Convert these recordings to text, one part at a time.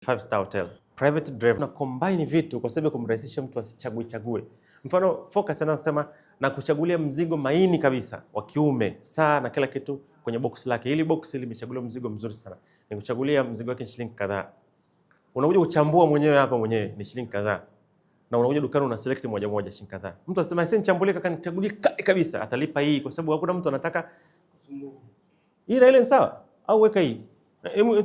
five star hotel private drive na combine vitu kwa sababu kumrahisisha mtu asichague chague. Mfano focus anasema na kuchagulia mzigo maini kabisa wa kiume saa na kila kitu kwenye box lake, ili box limechagulia mzigo mzuri sana, ni kuchagulia mzigo wake shilingi kadhaa. Unakuja kuchambua mwenyewe hapa mwenyewe ni shilingi kadhaa, na unakuja dukani una select moja moja shilingi kadhaa. Mtu asema sasa nichambulie kaka, nichagulie kali kabisa, atalipa hii kwa sababu hakuna mtu anataka hii na ile sawa, au weka hii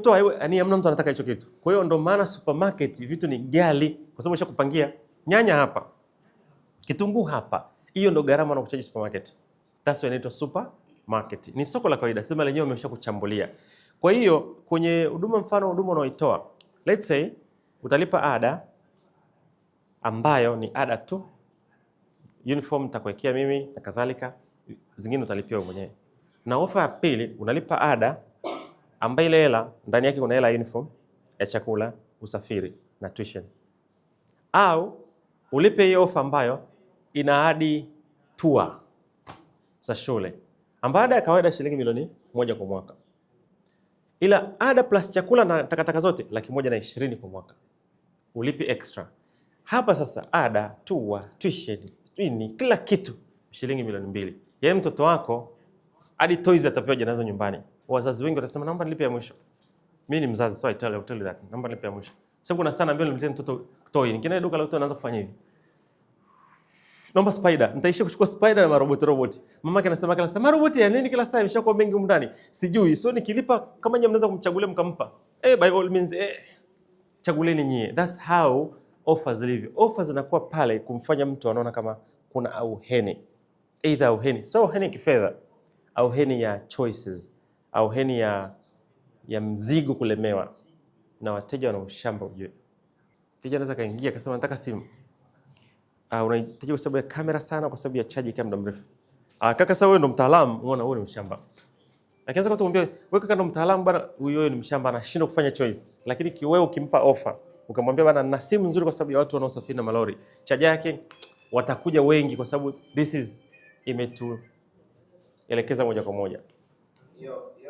toa hiyo, yani hamna mtu anataka hicho kitu. Kwa hiyo ndo maana supermarket vitu ni ghali kwa sababu ushakupangia nyanya hapa. Kitunguu hapa. Hiyo ndo gharama na kuchaji supermarket. That's why inaitwa supermarket. Ni soko la kawaida. Sema lenyewe umesha kuchambulia. Kwa hiyo kwenye huduma, mfano huduma unaoitoa, let's say utalipa ada ambayo ni ada tu, uniform nitakuwekea mimi na kadhalika, zingine utalipia wewe mwenyewe. Na ofa ya pili unalipa ada ambayo ile hela ndani yake kuna hela uniform ya chakula, usafiri na tuition, au ulipe hiyo ofa ambayo ina hadi tua za shule ambayo ada ya kawaida shilingi milioni moja kwa mwaka, ila ada plus chakula na takataka zote laki moja na ishirini kwa mwaka, ulipi extra hapa sasa, ada tour, tuition ini kila kitu shilingi milioni mbili. Yeye yaani mtoto wako hadi toys atapewa janazo nyumbani wazazi wengi watasema naomba nilipe ya mwisho. Mimi ni mzazi so I tell you, tell you that. Naomba nilipe ya mwisho. Sasa kuna sana ambayo nilimtia mtoto toy. Nikienda duka la mtoto anaanza kufanya hivi. Naomba spider. Nitaisha kuchukua spider na marobot robot. Mama yake anasema kila sema robot ya nini kila saa imeshakuwa mengi huko ndani. Sijui. So nikilipa kama nyinyi mnaweza kumchagulia mkampa. Eh, by all means eh. Chaguleni nyie. That's how offers live. Offers zinakuwa pale kumfanya mtu anaona kama kuna auheni. Either auheni. So auheni kifedha. Auheni ya choices au heni ya, ya mzigo kulemewa na wateja wana ushamba. Ujue mteja anaweza kaingia akasema nataka simu uh, unahitaji kwa sababu ya kamera sana, kwa sababu ya chaji kama muda mrefu. Uh, kaka, sasa wewe ndo mtaalamu, unaona wewe ni mshamba. Lakini sasa kutuambia wewe kaka ndo mtaalamu bwana, huyo ni mshamba, anashindwa kufanya choice. Lakini kiwewe ukimpa offer, ukamwambia bwana, na simu nzuri kwa sababu ya watu wanaosafiri na malori, chaja yake watakuja wengi, kwa sababu this is imetu elekeza moja kwa moja. Yo.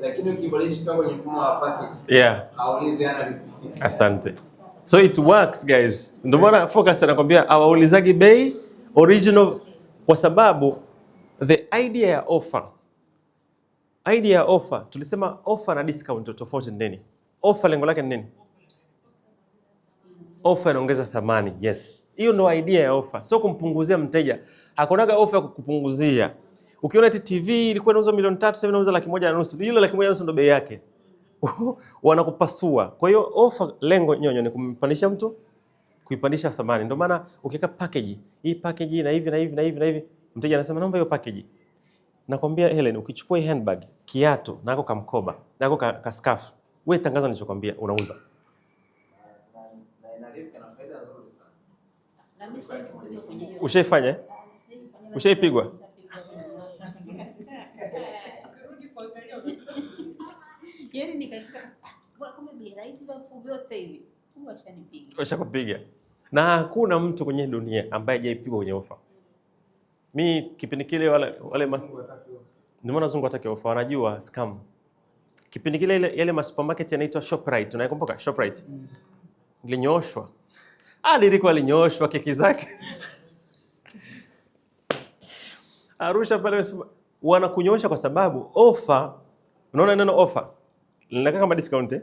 lakini ukiboresha kwenye mfumo wa package, yeah, aulize analytics. Asante. So it works guys. Ndio maana Focus anakuambia awaulizaji bei original kwa sababu the idea ya offer idea ya offer, tulisema offer na discount tofauti nini? Offer lengo lake ni nini? Offer inaongeza thamani. Yes, hiyo ndio idea ya offer, sio kumpunguzia mteja. Hakunaga offer ya kukupunguzia Ukiona eti TV ilikuwa inauza milioni tatu, sasa inauza laki moja na nusu. Ile laki moja na nusu ndio bei yake. Wanakupasua. Kwa hiyo offer, lengo nyonyo ni kumpandisha mtu, kuipandisha thamani. Ndio maana ukiweka package, hii package na hivi na hivi na hivi na hivi, mteja anasema naomba hiyo package. Nakwambia Helen, ukichukua hii handbag, kiatu, nako kamkoba, nako ka, ka scarf, wewe tangaza nilichokwambia unauza. Ushaifanya? Ushaipigwa? yani nikajikuta ah, kumbe ni rahisi vyote hivi, Mungu ashanipiga, ashakupiga. Na hakuna mtu kwenye dunia ambaye hajapigwa kwenye ofa. Mi kipindi kile wale wale ma... ndio maana wazungu watake ofa, wanajua scam. Kipindi kile ile yale masupermarket yanaitwa Shoprite, unaikumbuka Shoprite? Mm. Mm-hmm. linyoshwa Ah, lilikuwa linyoshwa keki zake. Arusha pale wanakunyosha kwa sababu ofa, unaona neno ofa Linakaa kama discount eh?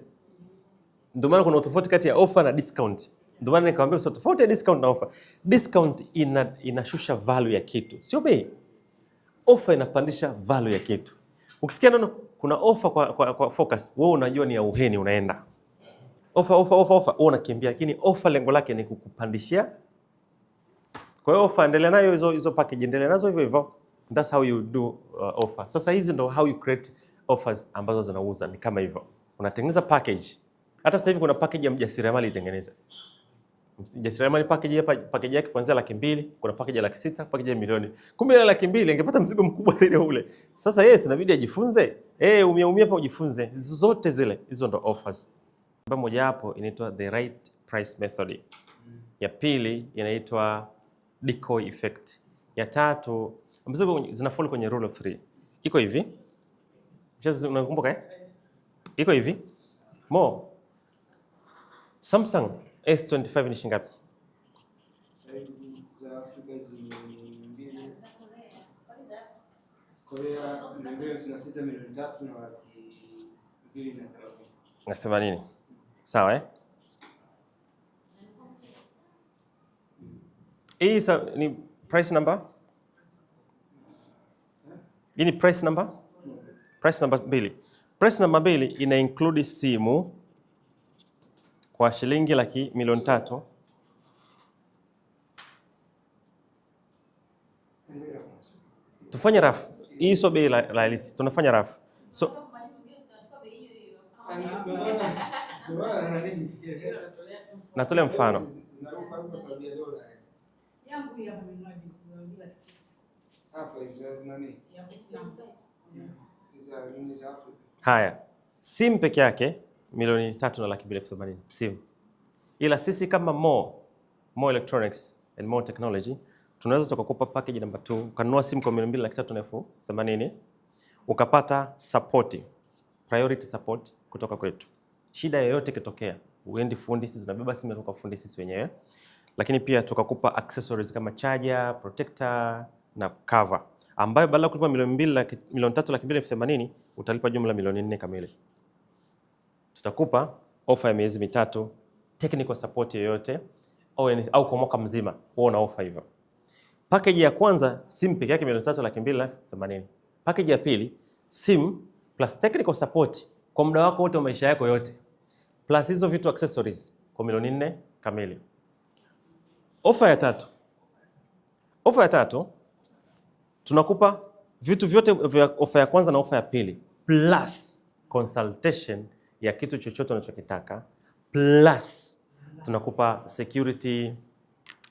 Ndio maana kuna utofauti kati ya offer na discount. Ndio maana nikamwambia sio tofauti ya discount na offer. Discount ina inashusha value ya kitu, sio bei. Offer inapandisha value ya kitu. Ukisikia neno kuna offer kwa, kwa, kwa focus, wewe unajua ni ya uheni unaenda. Offer offer offer offer, wewe unakimbia, lakini offer lengo lake ni kukupandishia. Kwa hiyo offer endelea nayo hizo hizo package endelea nazo hivyo hivyo. That's how you do uh, offer. Sasa hizi ndo how you create offers ambazo zinauza ni kama hivyo, unatengeneza package. Hata sasa hivi kuna package ya mjasiriamali itengeneza mjasiriamali package hapa, package yake kuanzia laki mbili, kuna package ya laki sita, package ya milioni. Kumbe ile laki mbili ingepata mzigo mkubwa zaidi ule. Sasa yeye inabidi ajifunze, eh, hey, umeumia hapa, ujifunze zote zile. Hizo ndo offers. Namba moja hapo inaitwa the right price method, ya pili inaitwa decoy effect, ya tatu ambazo zinafall kwenye rule of three. Iko hivi. Unakumbuka eh? Iko hivi Mo, Samsung S25 ni shilingi ngapi? na themanini. Sawa eh? Hii ni price number? Hii ni price number? price namba mbili. Price namba mbili ina include simu kwa shilingi laki milioni tatu tufanye rafu hii, sio bei la halisi, tunafanya rafu so natolea mfano Haya, simu peke yake milioni tatu na laki mbili elfu themanini simu, ila sisi kama Mo, Mo Electronics and Mo Technology tunaweza tukakupa package namba 2 ukanunua simu kwa milioni mbili laki tatu na elfu themanini ukapata support, priority support kutoka kwetu. Shida yoyote ikitokea, uendi fundi, sisi tunabeba simu kwa fundi sisi wenyewe, lakini pia tukakupa accessories kama charger, protector na cover ambayo badala kulipa milioni mbili laki, milioni tatu laki mbili elfu themanini utalipa jumla milioni nne kamili. Tutakupa ofa ya miezi mitatu, technical support yoyote au, au kwa mwaka mzima wewe una ofa hivyo. Package ya kwanza simu peke yake milioni tatu laki mbili elfu themanini. Package ya pili simu plus technical support kwa muda wako wote wa maisha yako yote plus hizo vitu accessories kwa milioni nne kamili. Ofa ya tatu, ofa ya tatu tunakupa vitu vyote vya ofa ya kwanza na ofa ya pili plus consultation ya kitu chochote unachokitaka plus tunakupa security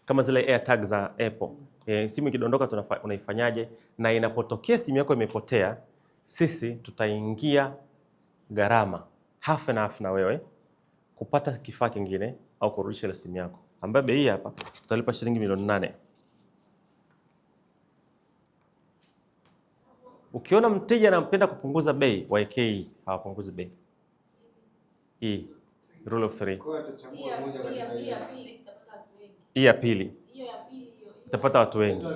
kama zile AirTag za Apple. E, simu ikidondoka unaifanyaje? Na inapotokea simu yako imepotea, sisi tutaingia gharama half and half na wewe kupata kifaa kingine au kurudisha ile simu yako ambayo bei hapa tutalipa shilingi milioni nane. Ukiona mteja anapenda kupunguza bei, waekee hawapunguzi bei. Hii e, rule of three. Hii ya pili itapata watu wengi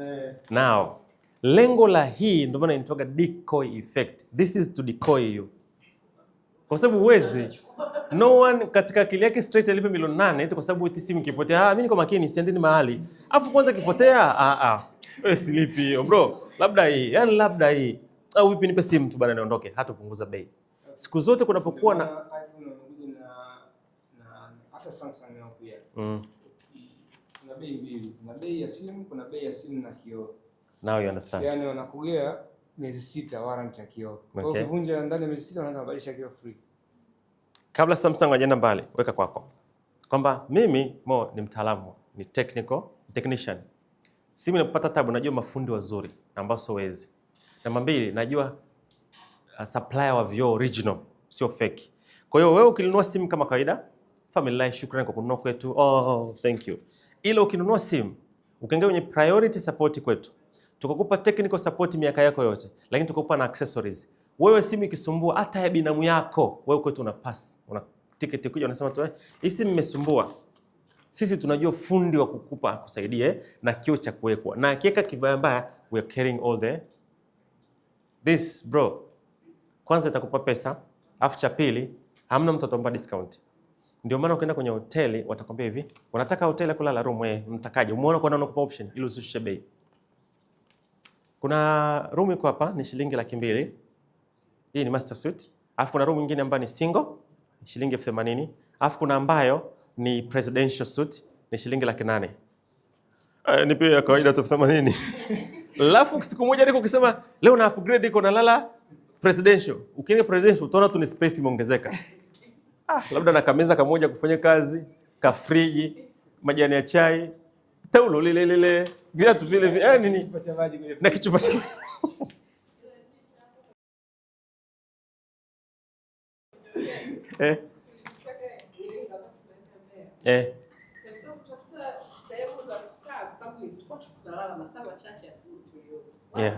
eh. Now, Lengo la hii ndio maana inatoka decoy effect. This is to decoy you kwa sababu uwezi no one katika akili yake straight alipe milioni nane tu, kwa sababu eti simu kipotea, ah, mimi niko makini siendeni mahali afu kwanza kipotea, ah ah, wewe silipi hiyo bro, labda hii yani, labda hii au vipi, nipe simu tu bana niondoke, hata punguza bei. Siku zote kunapokuwa na hata mm, kuna bei mbili, kuna bei ya simu, kuna bei ya simu na kioo. Now you understand, yani wanakugea miezi sita warranty ya kioo. Kwa hiyo ukivunja ndani ya miezi sita unaanza kubadilisha kioo free. Kabla Samsung hajaenda mbali, weka kwako kwamba mimi Mo ni mtaalamu, ni technical technician, simu inapata tabu najua mafundi wazuri ambao sio wezi. Namba mbili, najua uh, supplier wa vioo original, sio fake. Kwa hiyo wewe ukinunua simu kama kawaida, familia, shukrani kwa kununua kwetu. Oh, thank you. Ila ukinunua simu ukaingia kwenye priority support kwetu tukakupa technical support miaka yako yote, lakini tukakupa na accessories. Wewe simu ikisumbua, hata ya binamu yako wewe kwetu una pass, una ticket kuja, unasema tu eh, hii simu imesumbua. Sisi tunajua fundi wa kukupa kusaidie na kio cha kuwekwa na kiweka kibaya mbaya, we are carrying all the this bro. Kwanza itakupa pesa, afu cha pili hamna mtu atakupa discount. Ndio maana ukienda kwenye hoteli watakwambia hivi, unataka hoteli kulala room, wewe eh, mtakaje? Umeona kwa nini unakupa option ili usishushe bei. Kuna room iko hapa ni shilingi laki mbili. Hii ni master suite. Alafu kuna room nyingine ambayo ni single shilingi elfu themanini. Alafu kuna ambayo ni presidential suite ni shilingi laki nane. Eh, ni pia ya kawaida tu elfu themanini. Alafu siku moja niko kusema leo na upgrade iko na lala presidential. Ukienda presidential utaona tu ni space imeongezeka. Ah, labda na kameza kamoja kufanya kazi, ka friji, majani ya chai taulo lile lile, viatu vile vile, eh nini na kichupa cha eh eh Yeah.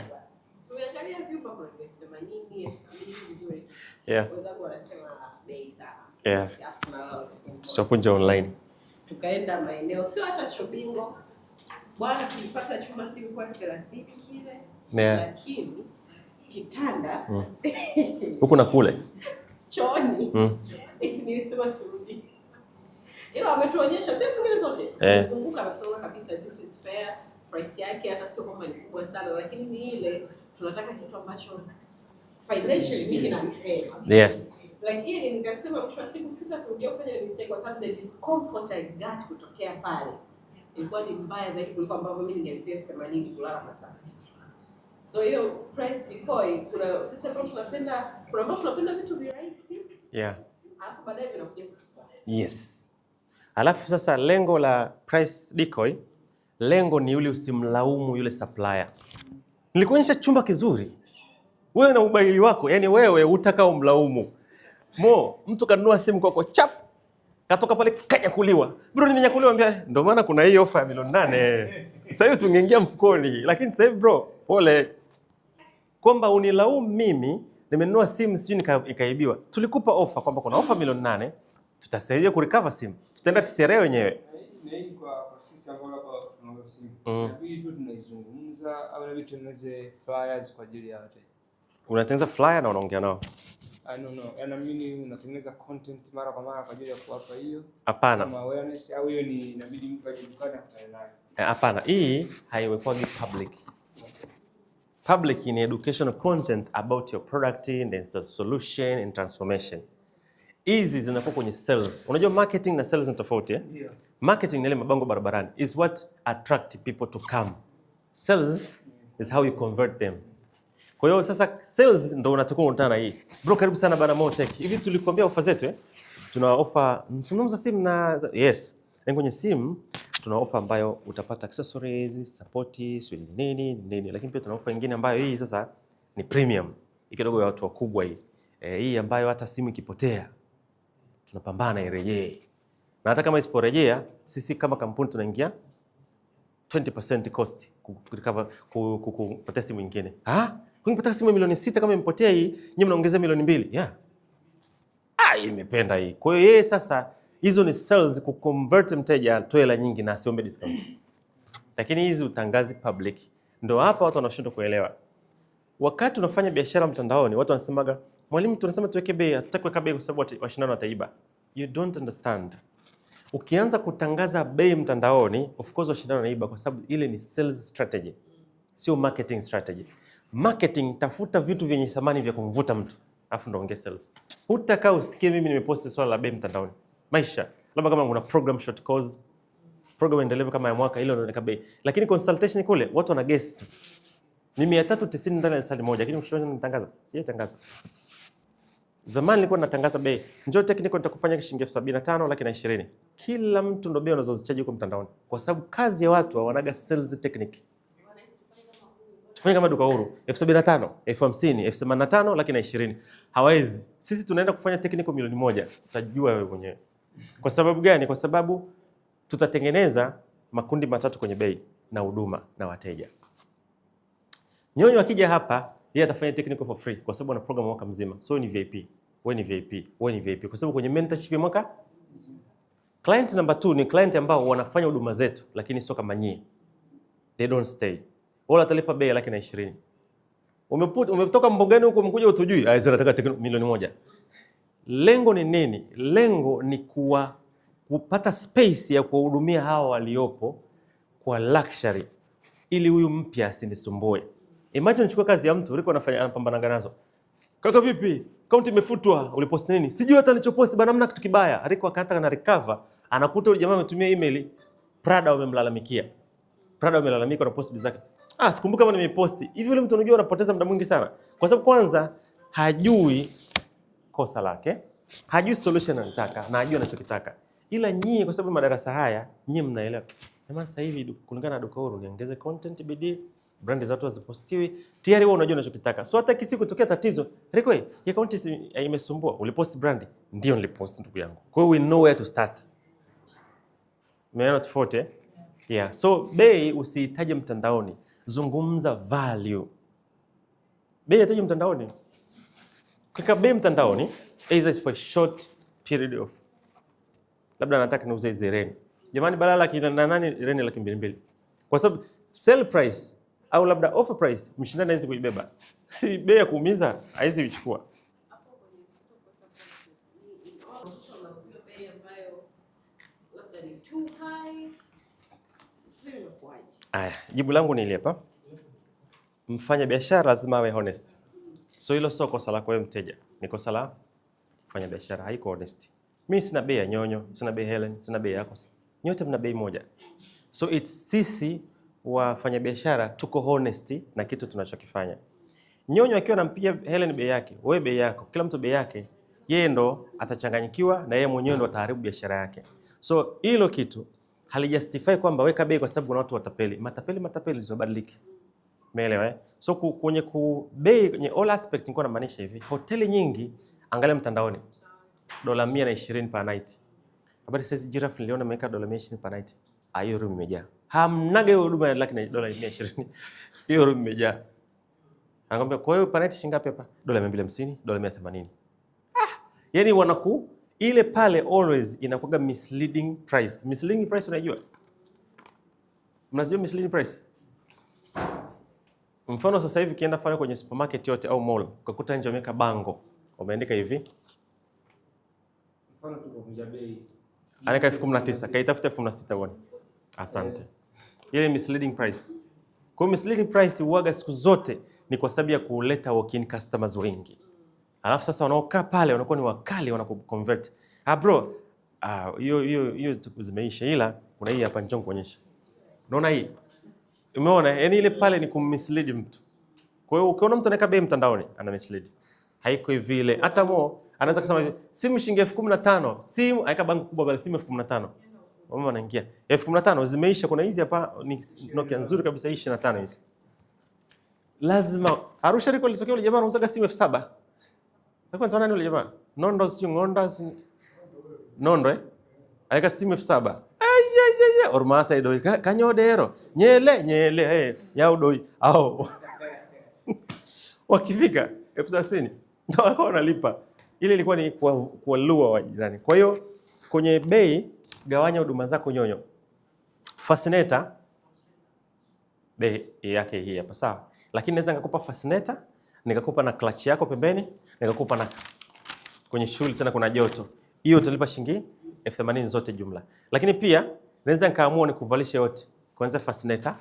Yeah. Yeah. Tukapunja online. Tukaenda maeneo sio hata chobingo Bwana, tulipata chuma silikuwa thelathini kile yeah. Lakini kitanda mm. huku mm. na kule chooni mm. nilisema sirudi, ila ametuonyesha sehemu zingine zote zunguka eh. Nasema kabisa this is fair price yake, hata sio kwamba ni kubwa sana, lakini ni ile tunataka kitu ambacho financially mimi na yes lakini nikasema mwisho wa siku sitakurudia kufanya mistake kwa sababu the discomfort I got kutokea pale ilikuwa ni mbaya zaidi kuliko ambavyo mimi ningelipia themanini kulala masaa sita. So hiyo price decoy, kuna sisi ambao tunapenda, kuna ambao tunapenda vitu virahisi yeah, alafu baadaye vinakuja kutukosa. Yes, alafu sasa lengo la price decoy, lengo ni yule, usimlaumu yule supplier. Nilikuonyesha chumba kizuri, wewe na ubaili wako, yani wewe utakaomlaumu mo, mtu kanunua simu kwako chap Katoka pale kanyakuliwa. Bro, nimenyakuliwa mbia. ndo maana kuna hii ofa ya milioni nane. Sasa hivi tungeingia mfukoni, lakini sasa hivi bro, pole. Kwamba unilaumu mimi nimenunua simu sijui ikaibiwa. Tulikupa ofa kwamba kuna ofa milioni nane, tutasaidia kurecover simu. Tutaenda TCRA wenyewe. Mm. Unatengeneza flyer na unaongea nao unatengeneza content mara kwa mara kwa ajili ya kuwapa hiyo? Hapana. awareness au hiyo ni inabidi mtu aje dukani akutane nayo? Eh, hapana, hii haiwekwagi public. Public ni educational content about your product and solution and transformation. Hizi zinakuwa kwenye sales. Unajua marketing na sales ni tofauti eh? Yeah. Marketing ni ile mabango barabarani is what attract people to come. Sales is how you convert them. Kwa hiyo sasa sales ndo unatakuwa unatana hii. Bro, karibu sana bana Motech. Hivi tulikwambia ofa zetu eh? Tuna ofa msimamo za simu na yes. Na kwenye simu tuna ofa ambayo utapata accessories, support, nini nini, lakini pia tuna ofa nyingine ambayo hii sasa ni premium. kidogo ya watu wakubwa hii. E, hii ambayo hata simu ikipotea tunapambana irejee. Na hata kama isiporejea sisi kama kampuni tunaingia 20% cost kukupatia simu nyingine. Ah? Ungetaka simu milioni sita kama imepotea hii, nyinyi mnaongezea milioni mbili. Yeah. Ah, imependa hii. Kwa hiyo yeye sasa hizo ni sales ku convert mteja atoe hela nyingi na asiombe discount. Lakini hizi utangazi public. Ndio hapa watu wanashindwa kuelewa. Wakati unafanya biashara mtandaoni, watu wanasemaga, "Mwalimu, tunasema tuweke bei, hatutaki kuweka bei kwa sababu washindano wataiba." You don't understand. Ukianza kutangaza bei mtandaoni, of course washindano wanaiba kwa sababu ile ni sales strategy, sio marketing strategy. Marketing, tafuta vitu vyenye thamani vya kumvuta mtu, afu ndo ongea sales. Hutakaa usikie mimi nimeposti swala la bei mtandaoni, maisha labda kama kuna program short course, program endelevu kama ya mwaka, ile inaonekana bei, lakini consultation kule watu wana guess tu, ni 390 ndani ya sali moja, lakini ukishona nitangaza, sio tangaza. Zamani nilikuwa natangaza bei, njoo technical nitakufanya shilingi 75 laki na 20. Kila mtu ndo bei unazozichaji huko mtandaoni, kwa sababu kazi ya watu wanaga sales technique tufanye kama duka huru elfu sabini na tano elfu hamsini elfu themanini na tano laki na ishirini hawezi. Sisi tunaenda kufanya technical milioni moja, utajua wewe mwenyewe. Kwa sababu gani? Kwa sababu tutatengeneza makundi matatu kwenye bei na huduma na wateja. Nyonyo akija hapa, yeye atafanya technical for free kwa sababu ana program mwaka mzima, so ni VIP, wewe ni VIP, wewe ni VIP kwa sababu kwenye mentorship ya mwaka client number 2 ni client ambao wanafanya huduma zetu, lakini sio kama nyinyi, they don't stay wala atalipa bei laki na ishirini. Umetoka mbogani huko umekuja utujui, Ah, sasa nataka milioni moja. Lengo ni nini? Lengo ni kuwa kupata space ya kuwahudumia hawa waliopo kwa luxury, ili huyu mpya asinisumbue. Imagine unachukua kazi ya mtu uliko anafanya anapambana nazo, kaka, vipi kaunti imefutwa, uliposti nini? Sijui hata nilichoposti bana, hamna kitu kibaya. Aliko akata na recover, anakuta yule jamaa ametumia email, Prada wamemlalamikia, Prada wamelalamika na post zake ah, sikumbuka kama nimeposti hivi. Yule mtu unajua, unapoteza muda mwingi sana, kwa sababu kwanza hajui kosa lake, hajui solution anataka, na hajui anachokitaka. Ila nyie, kwa sababu madarasa haya nyie mnaelewa, jamaa. Sasa hivi kulingana na doka huru, niongeze content, bidii, brand za watu zipostiwi, tayari wewe unajua unachokitaka. So hata kisi kutokea tatizo riko, ya account eh, imesumbua, ulipost brand? Ndio nilipost ndugu yangu. Kwa hiyo we know where to start, umeona tofauti eh? Yeah. So bei usiitaje mtandaoni, zungumza value. Bei itaje mtandaoni? Kika bei mtandaoni either is for a short period of labda nataka niuze hizi reni jamani, laki na nani reni laki mbili mbili, kwa sababu sell price au labda offer price, mshindani hawezi kuibeba. Si bei ya kuumiza, hawezi kuchukua. Aya, jibu langu ni hapa. Mfanya biashara lazima awe honest. So hilo sio kosa lako wewe mteja, ni kosa la mfanya biashara, haiko honest. Mimi sina bei ya Nyonyo, sina bei Helen, sina bei yako, nyote mna bei moja. So it's sisi wafanya biashara tuko honest na kitu tunachokifanya. Nyonyo akiwa anampigia Helen bei yake, wewe bei yako, kila mtu bei yake, yeye ndo atachanganyikiwa na yeye mwenyewe ndo ataharibu biashara yake. So hilo kitu halijustify kwamba weka bei kwa sababu kuna watu watapeli. Matapeli matapeli zobadilika. Umeelewa eh? So kwenye ku bei kwenye all aspect nilikuwa namaanisha hivi. Hoteli nyingi angalia mtandaoni. Dola 120 per night. Habari sasa Giraffe niliona imeweka dola 120 per night. Ah, hiyo room imejaa. Hamnaga hiyo huduma lakini dola 120. Hiyo room imejaa. Anakuambia kwa hiyo per night shilingi ngapi hapa? Dola 250, dola 180. Ah, yani wanaku ile pale always inakuwa misleading price. Misleading price unajua? Mnajua misleading price? Mfano sasa hivi kienda fanya kwenye supermarket yote au mall, ukakuta nje wameka bango, wameandika hivi. Mfano tukovunja bei. Anaweka elfu kumi na tisa, kaitafuta elfu kumi na sita bwana. Asante. Ile misleading price. Kwa misleading price huaga siku zote ni kwa sababu ya kuleta walk-in customers wengi. Alafu sasa wanaokaa pale wanakuwa ni wakali, wanakuconvert. Ah bro, ah hiyo hiyo hiyo zimeisha, ila kuna hii hapa, njoo kuonyesha. Unaona hii? Umeona? Yani ile pale ni kummislead mtu. Kwa hiyo ukiona mtu anaweka bei mtandaoni, ana mislead. Haiko hivi ile. Hata mo anaweza kusema simu shilingi elfu kumi na tano, simu aika bango kubwa bali simu elfu kumi na tano. Mama anaingia. Elfu kumi na tano zimeisha, kuna hizi hapa ni Nokia nzuri kabisa hii 25 hizi. Lazima Arusha liko litokea ule jamaa anauzaga simu elfu saba. Nakuwa nani yule jamaa? Nondo si Ngonda si Nondo eh? Aika simu elfu saba. Ayayaya ormasa ya doi. Kanyo kanyodero. Nyele nyele eh ya udoi. Aho. Wakifika elfu sini. ndio wako wanalipa. Ile ilikuwa ni kwa, kwa lua wa jirani. Kwa hiyo kwenye bei gawanya huduma zako nyonyo. Fascinator bei yake hii hapa sawa. Lakini naweza nikakupa fascinator nikakupa na clutch yako pembeni, nikakupa na kwenye shule tena kuna joto. Hiyo utalipa shilingi elfu themanini zote jumla. Lakini pia naweza nikaamua nikuvalishe yote. Kwanza fascinator,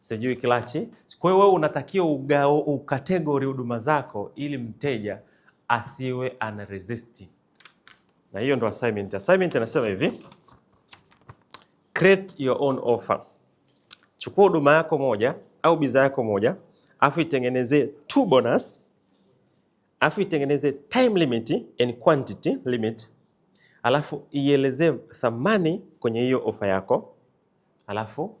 sijui clutch. Kwa hiyo wewe unatakiwa ugao ukategori huduma zako ili mteja asiwe ana resist. Na hiyo ndo assignment. Assignment inasema hivi. Create your own offer. Chukua huduma yako moja au bidhaa yako moja afu itengeneze two bonus, afu itengeneze time limit and quantity limit, alafu ieleze thamani kwenye hiyo ofa yako, alafu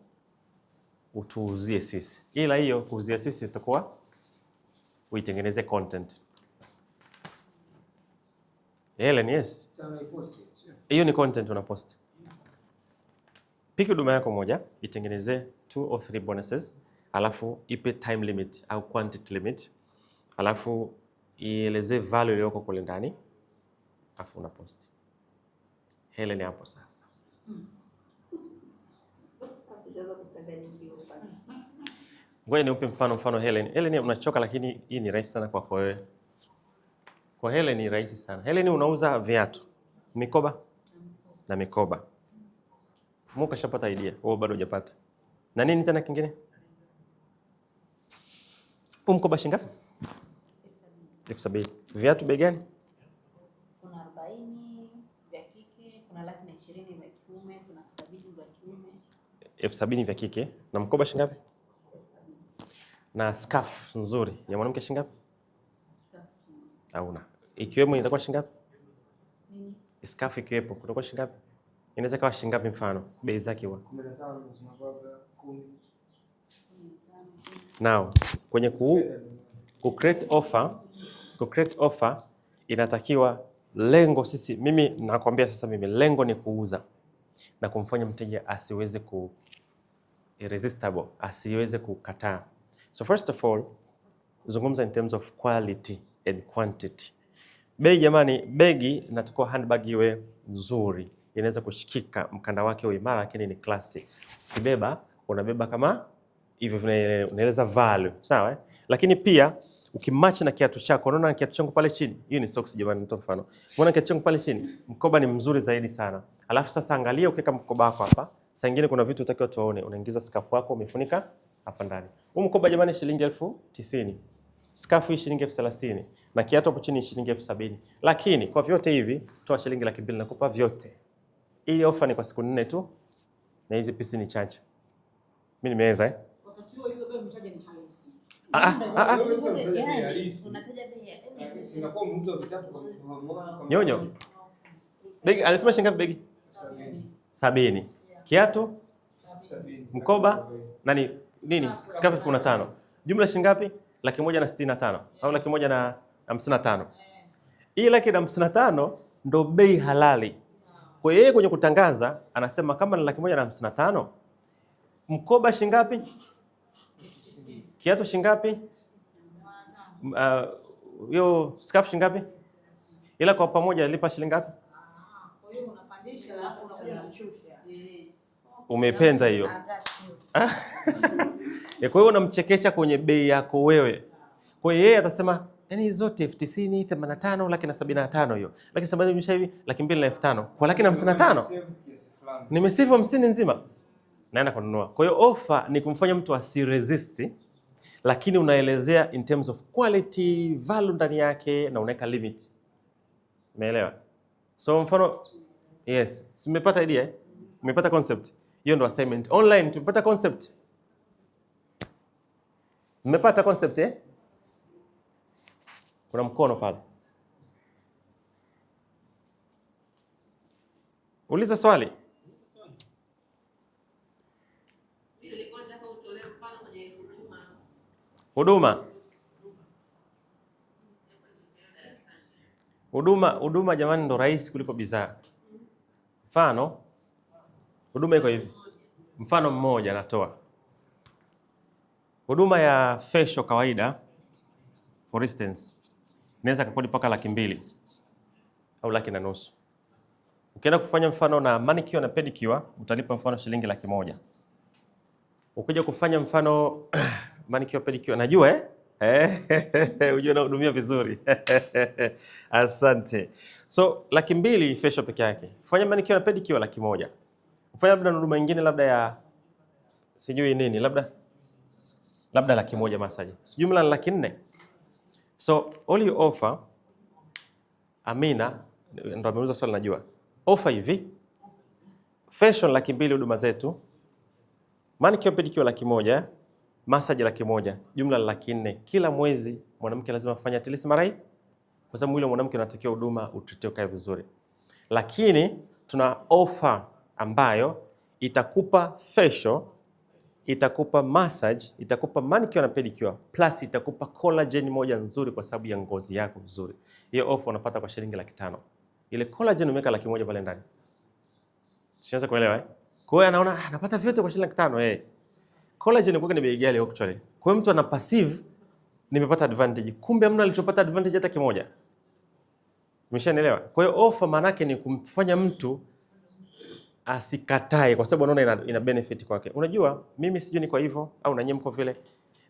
utuuzie sisi. Ila hiyo kuuzia sisi itakuwa uitengeneze content. Helen, yes. Hiyo ni content una post. Piki huduma yako moja, itengeneze two or three bonuses Mm alafu ipe time limit au quantity limit, alafu ielezee value iliyoko kule ndani, alafu una post. Hele ni hapo sasa Ngoja niupe mfano mfano Helen. Helen unachoka lakini hii ni rahisi sana kwako wewe. Kwa Helen ni rahisi sana. Helen unauza viatu, mikoba na mikoba. Mukashapata idea, wewe bado hujapata. Na nini tena kingine? Huu mkoba shilingi ngapi? elfu sabini. Viatu bei gani? Kuna 40 vya kike, kuna laki na ishirini vya kiume, kuna elfu sabini vya kiume. Elfu sabini vya kike na mkoba shilingi ngapi? Na scarf nzuri ya mwanamke shilingi ngapi? Hauna. Ikiwemo itakuwa shilingi ngapi? Nini? Scarf ikiwepo kutakuwa shilingi ngapi? Inaweza kawa shilingi ngapi mfano? Bei zake huwa. 15 zinakuwa 10. Now, kwenye ku, ku create offer, ku create offer inatakiwa lengo sisi, mimi nakwambia sasa, mimi lengo ni kuuza na kumfanya mteja asiweze ku irresistible, asiweze kukataa. So first of all, zungumza in terms of quality and quantity. Bei jamani, begi natakiwa handbag iwe nzuri, inaweza kushikika, mkanda wake uimara, lakini ni classy. Kibeba unabeba kama hivyo vinaeleza value sawa eh? Lakini pia ukimatch na kiatu chako, unaona kiatu changu pale chini, hiyo ni socks jamani, nitoa mfano. Unaona kiatu changu pale chini, mkoba ni mzuri zaidi sana. Alafu sasa angalia, ukiweka mkoba wako hapa, saa nyingine kuna vitu utakiwa tuone, unaingiza skafu yako umefunika hapa ndani. Huu mkoba jamani, shilingi elfu tisini. Skafu hii shilingi elfu thelathini na kiatu hapo chini shilingi elfu sabini. Lakini kwa vyote hivi toa shilingi laki mbili nakupa vyote. Hii ofa ni kwa siku nne tu na hizi pisi ni chache. Mimi nimeweza eh? Nyonyo begi alisema shilingi ngapi? Begi sabini, kiatu mkoba nani nini skafu elfu kumi na tano, jumla shilingi ngapi? Laki moja na sitini na tano au laki moja na hamsini na tano. Hii laki na hamsini na tano ndo bei halali. Kwa yeye kwenye kutangaza anasema kama ni laki moja na hamsini na tano, mkoba shilingi ngapi? Kiatu shingapi? Ah, hiyo uh, scarf shingapi? Ila kwa pamoja lipa shilingi ngapi? Umependa hiyo. Kwa hiyo unamchekecha kwenye bei yako wewe. Kwa hiyo yeye atasema yani zote elfu tisini, themanini na tano, laki na sabini na tano hiyo. Laki sabini imesha hivi, laki mbili na elfu tano. Kwa laki na hamsini na tano. Nimesave hamsini nzima. Naenda kununua. Kwa hiyo ofa ni kumfanya mtu asiresist lakini unaelezea in terms of quality value ndani yake na unaweka limit. Umeelewa? So mfano yes, simepata idea, eh? umepata concept hiyo, ndo assignment online. Tumepata concept, mmepata concept eh? Kuna mkono pale, uliza swali. huduma huduma huduma, jamani, ndo rahisi kuliko bidhaa. Mfano huduma iko hivi, mfano mmoja natoa huduma ya fesho kawaida, for instance, inaweza kakodi mpaka laki mbili au laki na nusu. Ukienda kufanya mfano na manicure na pedicure utalipa mfano shilingi laki moja. Ukija kufanya mfano manicure pedicure, najua eh? eh Unajua nahudumia vizuri asante. So laki mbili facial peke yake, fanya manicure na pedicure laki moja, fanya labda huduma nyingine labda ya sijui nini labda labda laki moja masaji, jumla ni laki nne. So all you offer Amina ndo ameuliza swali, najua offer hivi facial laki mbili huduma zetu, manicure pedicure laki moja masaji laki moja, jumla laki nne. Kila mwezi mwanamke lazima afanye at least mara, kwa sababu mwili wa mwanamke unatakiwa huduma utritiwe ukae vizuri, lakini tuna ofa ambayo itakupa facial, itakupa massage, itakupa manicure na pedicure plus itakupa collagen moja nzuri kwa sababu ya ngozi yako nzuri. Hiyo ofa unapata kwa shilingi laki tano. Ile collagen umeweka laki moja pale ndani, sianza kuelewa eh? Kwa hiyo anaona anapata ah, vyote kwa shilingi laki tano eh collagen kwa ni bei ghali actually. Kwa hiyo mtu ana passive nimepata advantage. Kumbe mna alichopata advantage hata kimoja. Umeshanielewa? Kwa hiyo offer maana yake ni kumfanya mtu asikatae kwa sababu anaona ina, ina benefit kwake. Unajua mimi sijui ni kwa hivyo au na nyemko vile.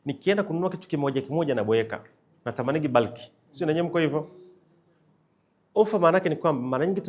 Nikienda kununua kitu kimoja kimoja na boyeka. Natamani bulk. Sio na nyemko hivyo. Offer maana yake ni kwamba mara nyingi